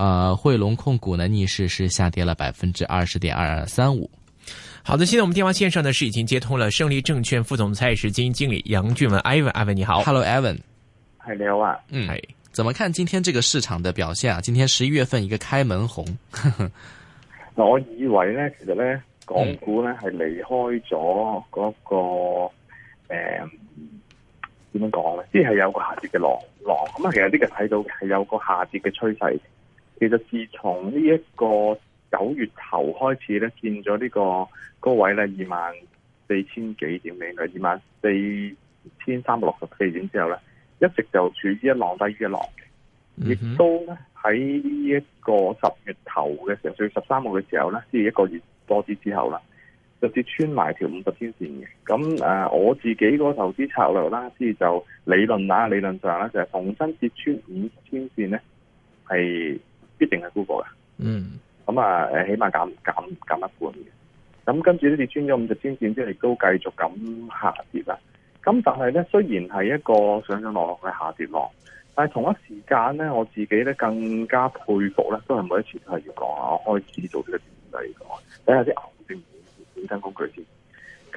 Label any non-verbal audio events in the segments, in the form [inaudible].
呃，匯龍控股呢，逆勢是下跌了百分之二十點二三五。好的，現在我們電話線上呢是已經接通了勝利證券副總裁、時基經理楊俊文。ivan 阿 v a n 你好，Hello，Evan，hello evan 你好啊，嗯，哎，怎麼看今天這個市場的表現啊？今天十一月份一個開門紅，嗱， [laughs] 我以為呢其實呢港股呢係離開咗嗰個誒，點樣講呢即係有個下跌嘅浪浪，咁啊，其實呢，呢是、那個睇到係有個下跌嘅趨勢。其實自從呢一個九月頭開始咧，見咗、這個那個、呢個高位咧二萬四千幾點點嘅二萬四千三百六十四點之後咧，一直就處於一浪低於一浪，嘅。亦、嗯、哼都咧喺呢一個十月頭嘅時候，十月十三號嘅時候咧，即係一個月多啲之後啦，就跌穿埋條五十天線嘅。咁誒，我自己個投資策略啦，即係就理論啦、啊，理論上咧就係重新跌穿五十天線咧係。是必定係 Google 嘅，嗯，咁啊，誒，起碼減減減一半嘅。咁跟住咧跌穿咗五十天線之後，亦都繼續咁下跌啦。咁但係咧，雖然係一個上上落落嘅下跌浪，但係同一時間咧，我自己咧更加佩服咧，都係每一次都係要講下我開始做呢一啲嘅嘢，睇下啲牛證衍生工具先，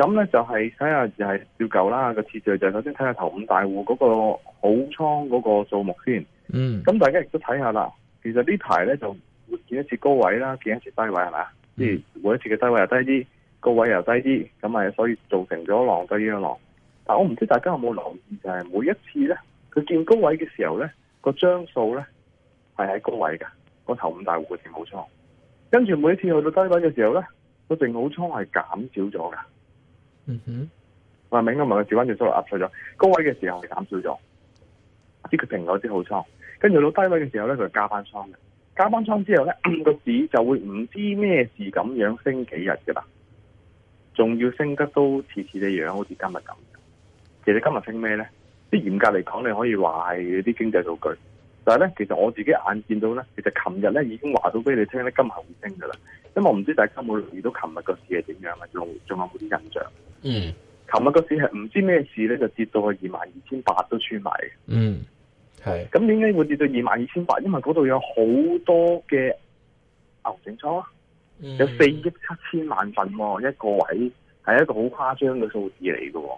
咁咧就係睇下，看看就係照舊啦。個次序就係，首先睇下頭五大戶嗰個好倉嗰個數目先，嗯，咁大家亦都睇下啦。其實這台呢排咧就會見一次高位啦，見一次低位係咪？即係、mm hmm. 每一次嘅低位又低啲，高位又低啲，咁啊所以造成咗浪低於一浪。但係我唔知道大家有冇留意，就係、是、每一次咧，佢見高位嘅時候咧，個張數咧係喺高位嘅，個頭五大戶嘅淨好倉。跟住每一次去到低位嘅時候咧，個淨好倉係減少咗嘅。嗯哼、mm，話、hmm. 明咁唔佢我轉彎轉錯，壓碎咗。高位嘅時候係減少咗，即佢平咗啲好倉。跟住到低位嘅時候咧，佢就加翻倉嘅。加翻倉之後咧，個市就會唔知咩事咁樣升幾日㗎啦。仲要升得都似似哋樣，好似今日咁。其實今日升咩咧？即嚴格嚟講，你可以話係啲經濟數據。但係咧，其實我自己眼見到咧，其實琴日咧已經話到俾你聽咧，今日會升㗎啦。因為我唔知大家有冇留意到琴日個市係點樣啊？仲仲有冇啲印象？嗯。琴日個市係唔知咩事咧，就跌到去二萬二千八都穿埋。嗯。係，咁點解會跌到二萬二千八？因為嗰度有好多嘅牛證倉，mm. 有四億七千萬份喎，一個位係一個好誇張嘅數字嚟嘅，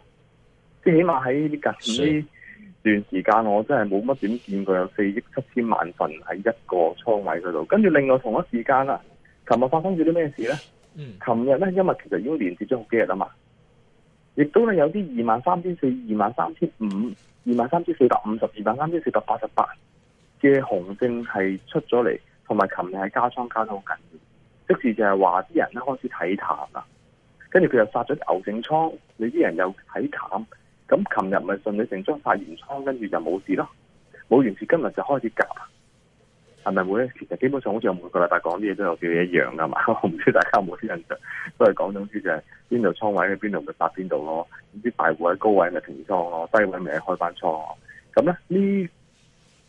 即係起碼喺近呢段時間，我真係冇乜點見過有四億七千萬份喺一個倉位嗰度。跟住另外同一時間啦，琴日發生咗啲咩事咧？嗯，琴日咧，因為其實已經連跌咗好幾日啊嘛。亦都呢有啲二萬三千四、二萬三千五、二萬三千四百五十、二萬三千四百八十八嘅紅證係出咗嚟，同埋琴日係加倉加得好緊要，即時就係話啲人咧開始睇淡啦，跟住佢又殺咗啲牛證倉，你啲人又睇淡，咁琴日咪順理成章發完倉，跟住就冇事咯，冇完事今日就開始夾。係咪會呢？其實基本上好似我每個禮拜講啲嘢，都有叫一樣噶嘛，我唔知大家有冇啲印象都是講是。都係講，總之就係邊度倉位喺邊度咪打邊度咯。啲大戶喺高位咪停倉咯，低位咪開翻倉。咁咧呢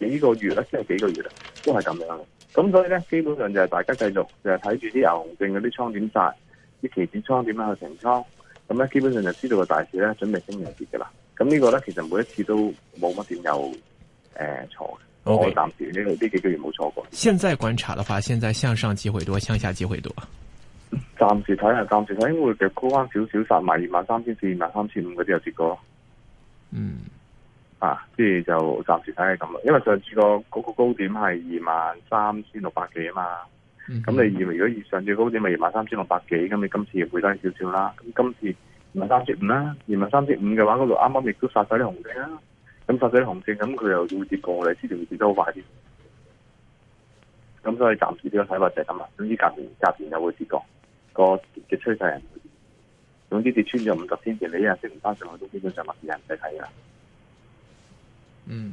這幾個月咧，即係幾個月啊，都係咁樣。咁所以咧，基本上就係大家繼續就係睇住啲牛熊證嗰啲倉點殺，啲期指倉點樣去停倉。咁咧，基本上就知道個大市咧準備升完跌噶啦。咁呢個咧，其實每一次都冇乜點有誒錯嘅。呃 Okay. 我暫時呢度呢幾個月冇錯過。現在觀察嘅話，現在向上機會多，向下機會多。暫時睇下，暫時睇，因為會高翻少少殺埋二萬三千至二萬三千五嗰啲又跌過。嗯。啊，即係、嗯啊、就暫時睇下咁咯，因為上次個嗰個高點係二萬三千六百幾啊嘛。咁、嗯、哼你二，如果以上次高點咪二萬三千六百幾，咁你今次又回低少少啦。咁今次二萬三千五啦，二萬三千五嘅話，嗰度啱啱亦都殺晒啲紅燈啦、啊。咁發咗紅證，咁佢又會跌過嚟，呢條會跌得好快啲。咁所以暫時點樣睇法就係咁啊，總之隔年，隔年又會跌過，個嘅趨勢係唔會。總之跌穿咗五十天線，你一日升唔翻，上去都基本上物人係唔使睇啦。嗯。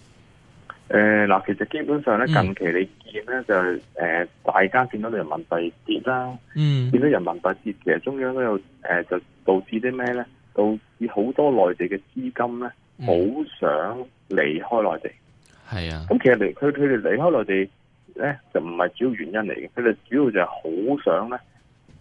誒、嗱、呃，其實基本上咧，近期你見咧、嗯、就係誒、呃，大家見到人民幣跌啦，嗯，見到人民幣跌，其實中央都有誒、呃，就導致啲咩咧？導致好多內地嘅資金咧，好想離開內地，係啊、嗯。咁其實離佢佢哋離開內地咧，就唔係主要原因嚟嘅，佢哋主要就係好想咧，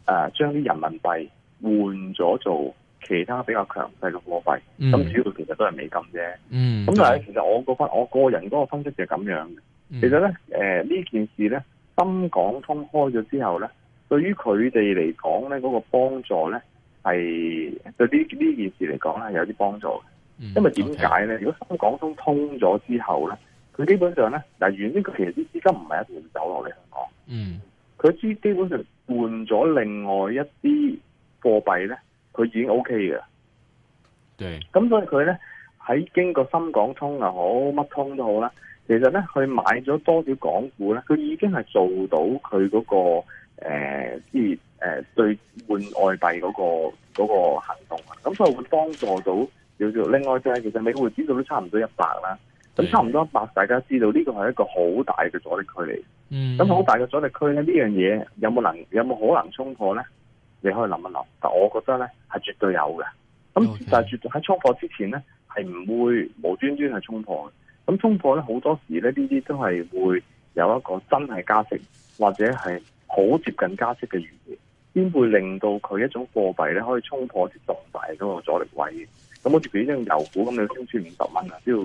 誒，將啲人民幣換咗做其他比較強勢嘅貨幣，咁、嗯、主要其實都係美金啫。咁、嗯、但係其實我嗰分，我個人嗰個分析就係咁樣。嗯、其實咧，呃、呢件事咧，深港通開咗之後咧，對於佢哋嚟講咧，嗰個幫助咧係對呢呢件事嚟講係有啲幫助嘅。嗯、因為點解咧？Okay. 如果深港通通咗之後咧，佢基本上咧，嗱，原呢個其實啲資金唔係一定走落嚟香港。嗯，佢資基本上換咗另外一啲貨幣咧。佢已經 OK 嘅，對，咁、嗯、所以佢咧喺經過深港通又好乜通都好啦，其實咧佢買咗多少港股咧，佢已經係做到佢嗰、那個、呃、誒，即係誒，兌換外幣嗰、那個、那個行動啊，咁、嗯、所以會幫助到叫做另外即係，其實美匯指數都差唔多一百啦，咁對差唔多一百，大家知道呢個係一個好大嘅阻力區嚟，嗯，咁好、嗯、大嘅阻力區咧，呢樣嘢有冇能有冇可能衝破咧？你可以諗一諗，但我覺得咧係絕對有嘅。咁但係絕對喺衝破之前咧係唔會無端端係衝破嘅。咁衝破咧好多時咧呢啲都係會有一個真係加息或者係好接近加息嘅預期，先會令到佢一種貨幣咧可以衝破一段大嗰個阻力位，咁好似譬如呢油股咁，你升穿五十蚊啊，只要。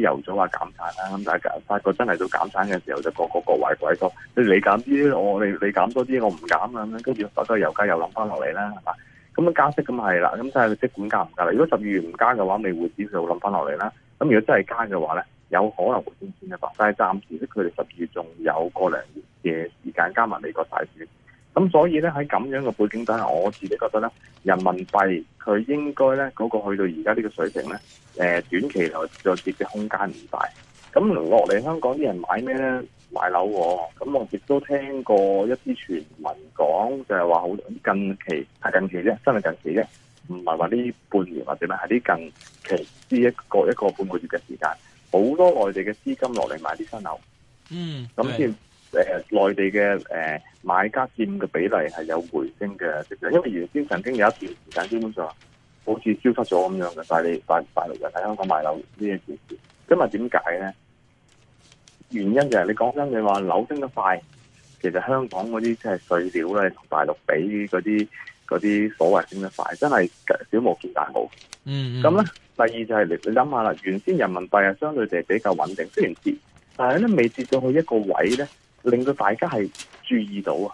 由咗話減產啦，咁但係發覺真係到減產嘅時候，就個個個位鬼多。你減啲，我你你減多啲，我唔減咁樣，跟住後底油價又諗翻落嚟啦，係嘛？咁啊加息咁係啦，咁但係即管加唔加啦。如果十二月唔加嘅話，美匯指數諗翻落嚟啦。咁如果真係加嘅話咧，有可能回升先嘅。嘛。但係暫時，即佢哋十二月仲有個零嘅時間加埋美國債市。咁所以咧喺咁樣嘅背景底下，我自己覺得咧，人民幣佢應該咧嗰個去到而家呢個水平咧，誒、呃、短期內再跌嘅空間唔大。咁落嚟香港啲人買咩咧？買樓喎，哦。咁我亦都聽過一啲傳聞講，就係話好近期係近期啫，真係近期啫，唔係話呢半年或者咩，係呢近期呢一個一個半個月嘅時間，好多內地嘅資金落嚟買啲新樓。嗯，咁先。誒，內、呃、地嘅誒、呃、買家佔嘅比例係有回升嘅，其實因為原先曾經有一段時間基本上好似消失咗咁樣嘅，但大陸大大陸人喺香港買樓呢件事，咁啊點解咧？原因就係你講真，你話樓升得快，其實香港嗰啲即係碎料咧，同大陸比嗰啲啲所謂升得快，真係小巫見大巫。嗯，嗯。咁咧，第二就係、是、你你諗下啦，原先人民幣啊相對地比較穩定，雖然跌，但係咧未跌到去一個位咧。令到大家係注意到啊！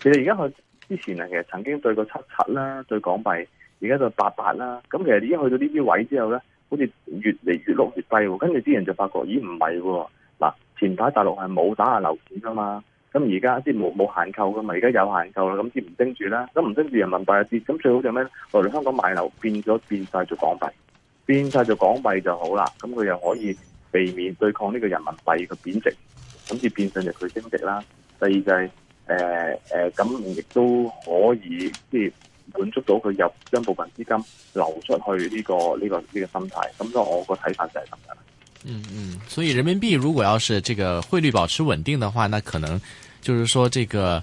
其實而家佢之前啊，其實曾經對過七七啦，對港幣，而家就八八啦。咁其實已經去到呢啲位之後咧，好似越嚟越碌越低。跟住啲人就發覺，咦唔係喎！嗱，前排大陸係冇打下樓市噶嘛，咁而家先冇冇限購噶嘛，而家有限購啦，咁先唔盯住啦。咁唔盯住人民幣跌，咁最好就咩？我哋香港買樓變咗變晒做港幣，變晒做港幣就好啦。咁佢又可以避免對抗呢個人民幣嘅貶值。咁就變成就佢升值啦。第二就係誒誒，咁、呃、亦、呃、都可以即係滿足到佢入將部分資金流出去呢、個呢、個呢、個心態。咁所以我個睇法就係咁樣。嗯嗯，所以人民幣如果要是這個匯率保持穩定的話，那可能就是說這個。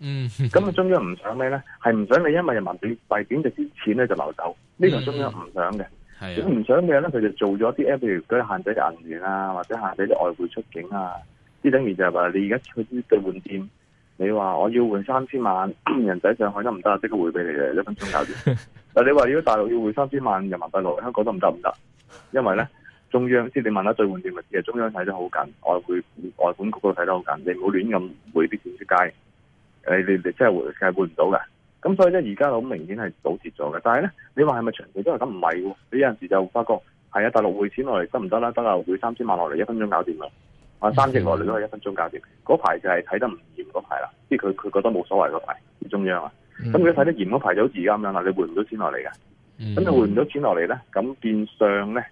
嗯，咁、嗯、啊，中央唔想咩咧？係唔想你因為人民幣幣貶值啲錢咧就流走，呢個、嗯、中央唔想嘅。係唔的想咩咧？佢就做咗啲咧，譬如佢限制銀聯啊，或者限制啲外匯出境啊，啲等於就係、是、話你而家去啲兌換店，你話我要換三千萬人民幣上去得唔得啊？即刻匯俾你嘅，一分鐘搞掂。嗱， [laughs] 你話如果大陸要換三千萬人民幣落香港得唔得唔得？因為咧中央即係你問下兌換店或者中央睇得好緊，外匯外管局都睇得好緊，你唔好亂咁匯啲錢出街。誒，你哋真係回，其實回唔到噶。咁所以咧，而家好明顯係倒跌咗嘅。但係咧，你話係咪長期都係咁？唔係，你有陣時就發覺係啊，大陸匯錢落嚟，mm hmm. 得唔得啦？得啊，匯三千萬落嚟，一分鐘搞掂啦。啊，三億落嚟都係一分鐘搞掂。嗰排就係睇得唔嚴嗰排啦，即係佢佢覺得冇所謂嗰排。中央啊，咁你睇得嚴嗰排就好似而家咁樣啦，你匯唔到錢落嚟嘅。咁就匯唔到錢落嚟咧，咁變相咧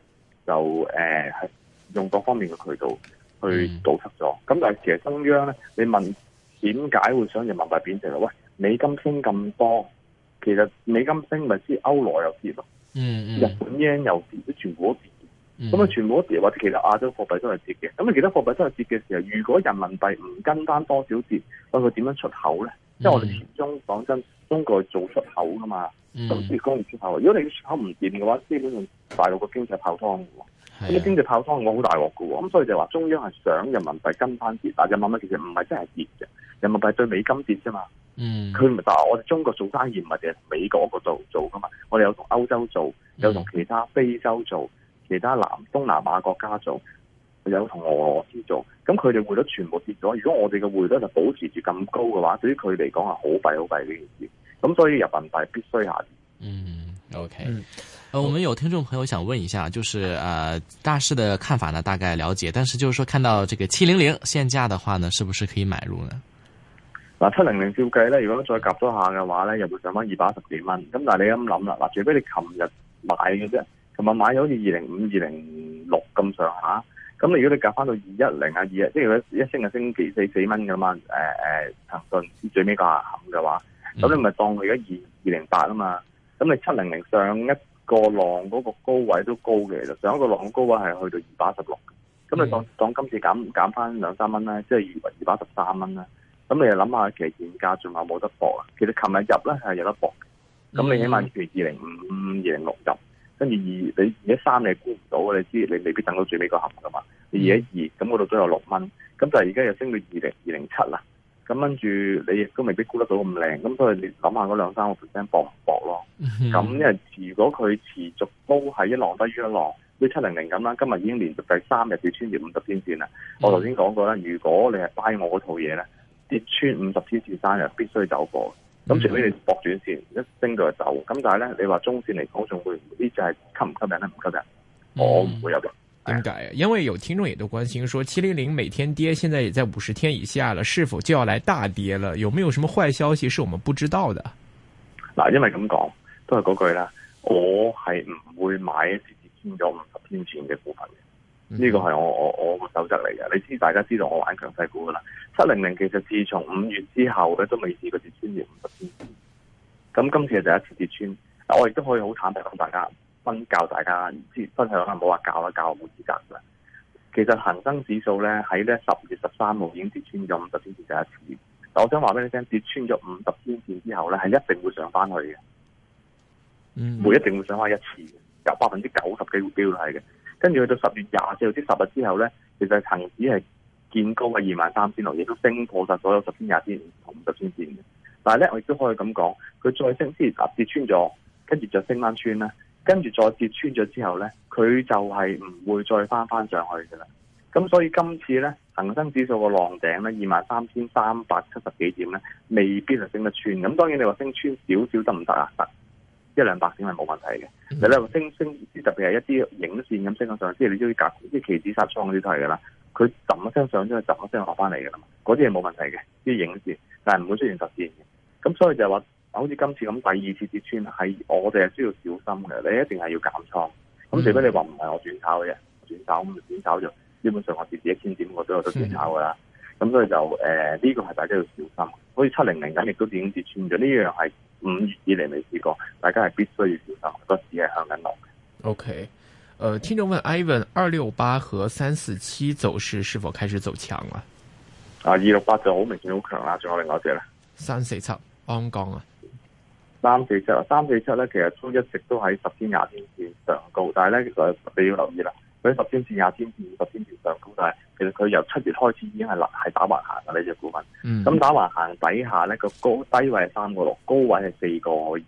就誒，呃、用各方面嘅渠道去倒塞咗。咁，mm hmm. 但係其實中央咧，你問？點解會想人民幣貶值咧？喂，美金升咁多，其實美金升咪先歐羅又跌咯、嗯，嗯日本 yen 又跌，啲全、嗯、全部都跌，咁啊全部都跌，或者其他亞洲貨幣都係跌嘅。咁啊其他貨幣都係跌嘅時候，如果人民幣唔跟翻多少跌，咁佢點樣出口咧？即係、嗯、我哋始終講真，中國做出口噶嘛，咁所以講唔出口。如果你出口唔掂嘅話，基本上大陸個經濟泡湯嘅，咁啊的經濟泡湯我好大鑊嘅。咁所以就話中央係想人民幣跟翻跌，但係人民幣其實唔係真係跌嘅。人民幣對美金跌啫嘛，佢唔係，我哋中國做生意唔係淨係美國嗰度做噶嘛，我哋有同歐洲做，有同其他非洲做，嗯、其他南東南亞國家做，有同俄羅斯做，咁佢哋匯率全部跌咗，如果我哋嘅匯率就保持住咁高嘅話，對於佢嚟講係好弊好弊呢件事，咁所以人民幣必須下跌。嗯，OK，嗯嗯、啊、我們有聽眾朋友想問一下，就是誒、呃、大市的看法呢，大概了解，但是就是說，看到這個七零零現價嘅話呢，是不是可以買入呢？嗱，七零零照計咧，如果再夾多下嘅話咧，又會上翻二百一十幾蚊。咁但係你咁諗啦，嗱，除非你琴日買嘅啫20，琴日買咗好似二零五、二零六咁上下。咁你如果你夾翻到二一零啊，二、啊、一，即係一星期升期四四蚊㗎嘛，誒誒，騰訊最尾下行嘅話，咁你咪當佢而家二二零八啊嘛？咁你七零零上一個浪嗰個高位都高嘅，其實上一個浪高位係去到二百一十六。咁你當、嗯、當今次減減翻兩三蚊啦，即係二百二百一十三蚊啦。咁你又諗下，其實現價仲話冇得搏。啊！其實琴日入咧係有得搏。咁你起碼二零五、二零六入，跟住二你二一三你估唔到，你知你未必等到最尾個盒噶嘛。二一二咁嗰度都有六蚊，咁但係而家又升到二零二零七啦，咁跟住你亦都未必估得到咁靚，咁所以你諗下嗰兩三個 percent 搏唔搏咯？咁因為如果佢持續都係一浪低於一浪，啲七零零咁啦，今日已經連續第三日跌穿住五十天線啦。我頭先講過啦，嗯、如果你係 buy 我嗰套嘢咧。跌穿五十天線單日必須走貨，咁除非你博轉線一升佢就走。咁但係咧，你話中綫嚟講仲會呢就係吸唔吸引咧？唔吸引。我唔會有嘅。點解、嗯？是因為有聽眾也都關心說，說七零零每天跌，現在也在五十天以下了，是否就要來大跌了？有沒有什麼壞消息是我們不知道的？嗱，因為咁講，都係嗰句啦，我係唔會買跌穿咗五十天線嘅股份呢個係我我我個守則嚟嘅。你知，大家知道我玩強勢股噶啦。七零零其實自從五月之後咧，都未試過跌穿二百五十天線。咁今次係第一次跌穿，我亦都可以好坦白，幫大家分教大家，即係分享下，唔好話教啦，教我冇資格嘅。其實恒生指數咧喺咧十月十三號已經跌穿咗五十天線，第一次。但我想話俾你聽，跌穿咗五十天線之後咧，係一定會上翻去嘅，嗯、會一定會上翻一次，有百分之九十嘅機會係嘅。跟住去到十月廿四號啲十日之後呢，其實恆指係見高嘅二萬三千六，亦都升破晒所有十天廿天同五十天線嘅。但係呢，我亦都可以咁講，佢再升之前十跌穿咗，跟住就升翻穿啦，跟住再跌穿咗之後呢，佢就係唔會再翻翻上去㗎啦。咁所以今次呢，恒生指數個浪頂呢，二萬三千三百七十幾點呢，未必係升得穿。咁當然你話升穿少少得唔得啊？一兩百點係冇問題嘅，你話、嗯、升升，特別係一啲影線咁升上去，即係你中意即啲期指殺倉嗰啲都係噶啦。佢揼一聲上咗，揼一聲落翻嚟噶啦，嗰啲係冇問題嘅，啲影線，但係唔會出現實線嘅。咁所以就係話，好似今次咁第二次跌穿，係我哋係需要小心嘅。你一定係要減倉。咁除非你話唔係我轉炒嘅，轉炒咁轉炒就轉炒，基本上我跌至一千點，我都有得轉炒噶啦。咁、嗯、所以就誒，呢、呃這個係大家要小心。好似七零零咁，亦都已經跌穿咗，呢樣係。五月以嚟未試過，大家係必須要小心好多市係向緊落嘅。OK，呃，聽眾問 Ivan 二六八和三四七走勢是否開始走強啊？啊，二六八就好明顯好強啦，仲有另外一隻咧三,、嗯啊、三四七鞍鋼啊，三四七三四七咧其實一都一直都喺十天廿天線上高，但係咧其實你要留意啦。佢十天線、廿天線、五十天線上，咁但係其實佢由七月開始已經係立係打橫行啦呢隻股份。咁，這個嗯、打橫行底下咧個高低位三個六，高位係四個二。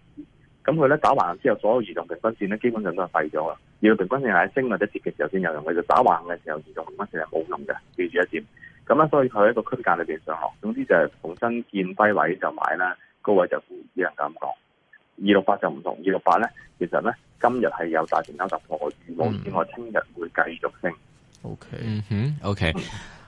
咁佢咧打橫行之後，所有移動平均線咧基本上都係廢咗啦。移動平均線喺升或者跌嘅時候先有用，佢就打橫嘅時候移動平均線係冇用嘅。記住一點。咁啦，所以佢喺一個區間裏邊上落。總之就係重新見低位就買啦，高位就只能咁講。二六八就唔同，二六八呢，其實呢，今日係有大成交量突破，預冇之外，聽日會繼續升。O K，嗯哼，O K，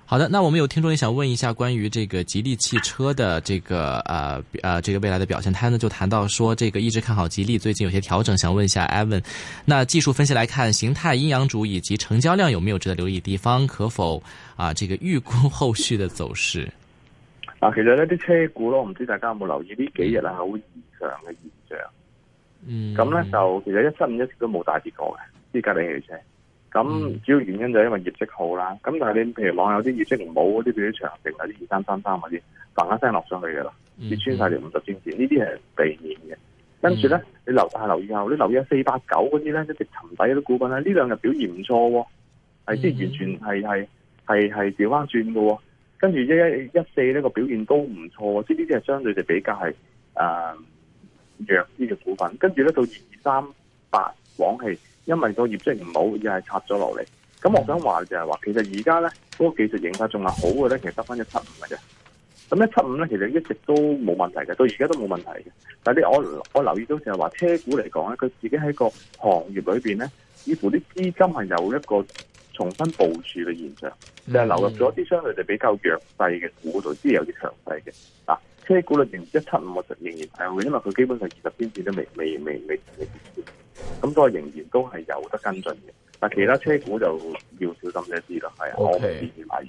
好的，那我們有聽眾也想問一下關於這個吉利汽車的這個，呃，呃，這個未來的表現，他呢就談到說，這個一直看好吉利，最近有些調整，想問一下 Evan，那技術分析來看，形態、陰陽柱以及成交量有沒有值得留意地方？可否啊、呃，這個預估後續的走勢？ [laughs] 嗱、嗯，其實呢啲車股咯，我唔知大家有冇留意呢幾日係好異常嘅現象。嗯，咁咧就其實一七五一直都冇大跌過嘅，呢吉利汽車。咁主要原因就係因為業績好啦。咁但係你譬如講有啲業績唔好嗰啲，譬如長城啊啲二三三三嗰啲，嘭一聲落上去嘅啦，跌穿晒條五十均線，呢啲係避免嘅。跟住咧，你留下留意下，你留意下四八九嗰啲咧，一直沉底嗰啲股份咧，呢兩日表現唔錯喎、哦，係即係完全係係係係調翻轉嘅。跟住一一一四呢個表現都唔錯，即係呢啲係相對地比較係誒、呃、弱啲嘅股份。跟住咧到二三八往期，因為個業績唔好，又係插咗落嚟。咁我想話就係話，其實而家咧嗰個技術形態仲係好嘅咧，其實得翻一七五嘅啫。咁一七五咧，其實一直都冇問題嘅，到而家都冇問題嘅。但係你我我留意到就係話，車股嚟講咧，佢自己喺個行業裏邊咧，似乎啲資金係有一個。重新部署嘅現象，嗯、就係流入咗啲相對就比較弱勢嘅股度，啲有啲強勢嘅嗱。車股裏面一七五我實仍然係會，因為佢基本上二十天線都未未未未結束，咁所以仍然都係有得跟進嘅。但、啊、其他車股就要小心一啲啦，係好變態。Okay.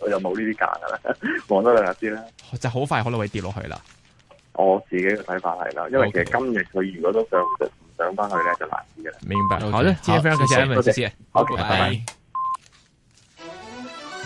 我又冇呢啲架嘅啦，望多兩日先啦，就好快可能會跌落去啦。我自己嘅睇法係啦，因為其實今日佢如果都想唔上翻去咧，就難啲嘅啦。明白，好啦，今日非常感謝 Ivan，多謝，好，拜拜。